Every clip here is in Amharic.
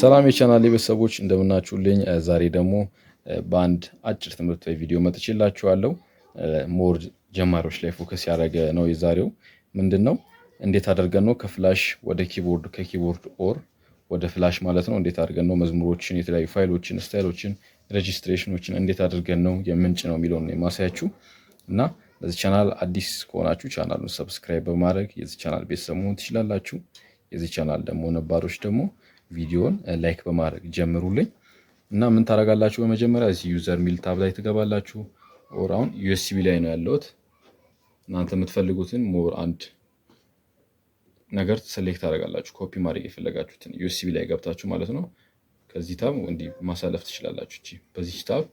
ሰላም የቻናል ቤተሰቦች እንደምናችሁልኝ። ዛሬ ደግሞ በአንድ አጭር ትምህርት ላይ ቪዲዮ መጥቼላችኋለሁ። ሞር ጀማሪዎች ላይ ፎከስ ያደረገ ነው የዛሬው። ምንድን ነው እንዴት አድርገን ነው ከፍላሽ ወደ ኪቦርድ ከኪቦርድ ኦር ወደ ፍላሽ ማለት ነው እንዴት አድርገን ነው መዝሙሮችን፣ የተለያዩ ፋይሎችን፣ ስታይሎችን፣ ሬጂስትሬሽኖችን እንዴት አድርገን ነው የምንጭ ነው የሚለውን የማሳያችሁ እና ለዚህ ቻናል አዲስ ከሆናችሁ ቻናሉን ሰብስክራይብ በማድረግ የዚህ ቻናል ቤተሰብ መሆን ትችላላችሁ። የዚህ ቻናል ደግሞ ነባሮች ደግሞ ቪዲዮን ላይክ በማድረግ ጀምሩልኝ እና ምን ታደርጋላችሁ? በመጀመሪያ እዚህ ዩዘር ሚል ታብ ላይ ትገባላችሁ። ኦር አሁን ዩኤስቢ ላይ ነው ያለሁት። እናንተ የምትፈልጉትን ሞር አንድ ነገር ሴሌክት ታደርጋላችሁ። ኮፒ ማድረግ የፈለጋችሁትን ዩኤስቢ ላይ ገብታችሁ ማለት ነው። ከዚህ ታብ እንዲህ ማሳለፍ ትችላላችሁ። እ በዚህ ታብ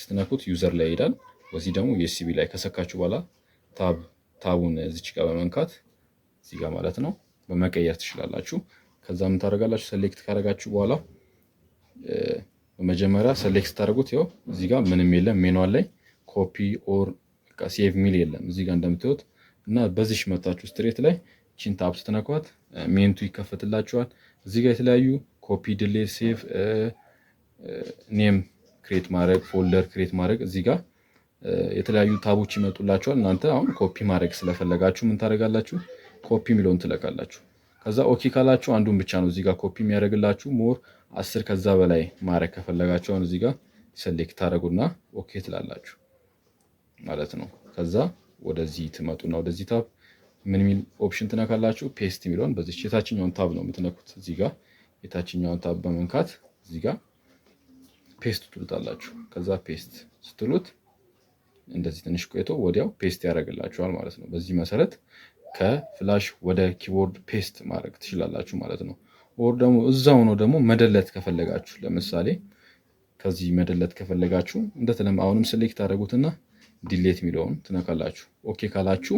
ስትነኩት ዩዘር ላይ ይሄዳል። በዚህ ደግሞ ዩኤስቢ ላይ ከሰካችሁ በኋላ ታቡን እዚች ጋር በመንካት እዚህ ጋር ማለት ነው በመቀየር ትችላላችሁ። ከዛ ምን ታደርጋላችሁ? ሴሌክት ካደረጋችሁ በኋላ መጀመሪያ ሴሌክት ስታደርጉት ያው እዚህ ጋር ምንም የለም ሜኗን ላይ ኮፒ ኦር በቃ ሴቭ ሚል የለም እዚህ ጋር እንደምታዩት እና በዚህ መታችሁ ስትሬት ላይ ቺን ታፕ ስትነኳት ሜንቱ ይከፈትላችኋል። እዚህ ጋር የተለያዩ ኮፒ፣ ድሌ፣ ሴቭ፣ ኔም ክሬት ማድረግ፣ ፎልደር ክሬት ማድረግ እዚህ ጋር የተለያዩ ታቦች ይመጡላችኋል። እናንተ አሁን ኮፒ ማድረግ ስለፈለጋችሁ ምን ታደርጋላችሁ? ኮፒ የሚለውን ትለቃላችሁ። ከዛ ኦኬ ካላችሁ አንዱን ብቻ ነው እዚጋ ኮፒ የሚያደርግላችሁ። ሞር አስር ከዛ በላይ ማድረግ ከፈለጋችሁ አሁን እዚጋ ሴሌክት ታደረጉና ኦኬ ትላላችሁ ማለት ነው። ከዛ ወደዚህ ትመጡና ወደዚህ ታብ ምን የሚል ኦፕሽን ትነካላችሁ? ፔስት የሚለውን በዚች የታችኛውን ታብ ነው የምትነኩት። እዚጋ የታችኛውን ታብ በመንካት እዚጋ ፔስት ትሉታላችሁ። ከዛ ፔስት ስትሉት እንደዚህ ትንሽ ቆይቶ ወዲያው ፔስት ያደርግላችኋል ማለት ነው። በዚህ መሰረት ከፍላሽ ወደ ኪቦርድ ፔስት ማድረግ ትችላላችሁ ማለት ነው። ኦር ደግሞ እዛው ነው ደግሞ መደለት ከፈለጋችሁ ለምሳሌ ከዚህ መደለት ከፈለጋችሁ እንደተለም አሁንም ስሌክት ታደረጉትና ዲሌት የሚለውን ትነካላችሁ። ኦኬ ካላችሁ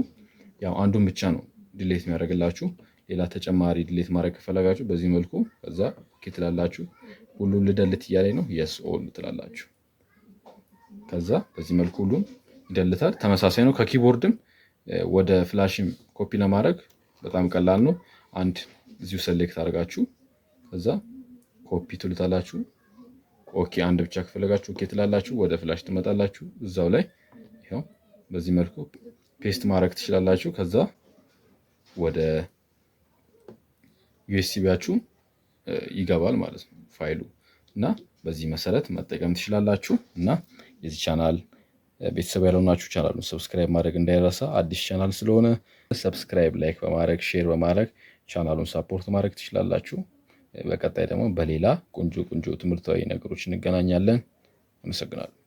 ያው አንዱን ብቻ ነው ዲሌት የሚያደርግላችሁ። ሌላ ተጨማሪ ዲሌት ማድረግ ከፈለጋችሁ በዚህ መልኩ ከዛ ኦኬ ትላላችሁ። ሁሉም ልደልት እያለኝ ነው የስ ኦል ትላላችሁ። ከዛ በዚህ መልኩ ሁሉም ይደልታል። ተመሳሳይ ነው ከኪቦርድም ወደ ፍላሽም ኮፒ ለማድረግ በጣም ቀላል ነው። አንድ እዚሁ ሰሌክት አድርጋችሁ ከዛ ኮፒ ትሉታላችሁ። ኦኬ አንድ ብቻ ከፈለጋችሁ ኦኬ ትላላችሁ። ወደ ፍላሽ ትመጣላችሁ። እዛው ላይ ይኸው በዚህ መልኩ ፔስት ማድረግ ትችላላችሁ። ከዛ ወደ ዩኤስቢያችሁ ይገባል ማለት ነው ፋይሉ እና በዚህ መሰረት መጠቀም ትችላላችሁ እና የዚህ ቻናል ቤተሰብ ያልሆናችሁ ቻናሉን ሰብስክራይብ ማድረግ እንዳይረሳ። አዲስ ቻናል ስለሆነ ሰብስክራይብ፣ ላይክ በማድረግ ሼር በማድረግ ቻናሉን ሳፖርት ማድረግ ትችላላችሁ። በቀጣይ ደግሞ በሌላ ቆንጆ ቆንጆ ትምህርታዊ ነገሮች እንገናኛለን። አመሰግናለሁ።